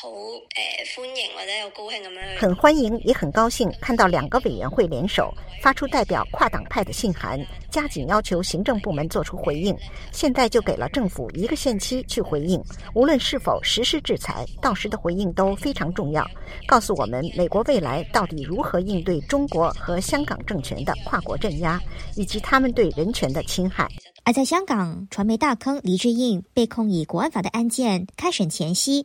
好歡迎或者高興咁樣。很歡迎，也很高興看到兩個委員會聯手發出代表跨黨派的信函，加緊要求行政部門做出回應。現在就給了政府一個限期去回應，無論是否實施制裁，到時的回應都非常重要，告訴我們美國未來到底如何應對中國和香港政權的跨國鎮壓以及他們對人權的侵害。而在香港傳媒大亨黎智英被控以國安法的案件開審前夕，